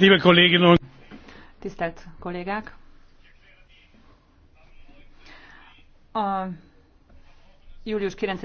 Liebe Kolleginnen und Tisztelt kollégák! A július 9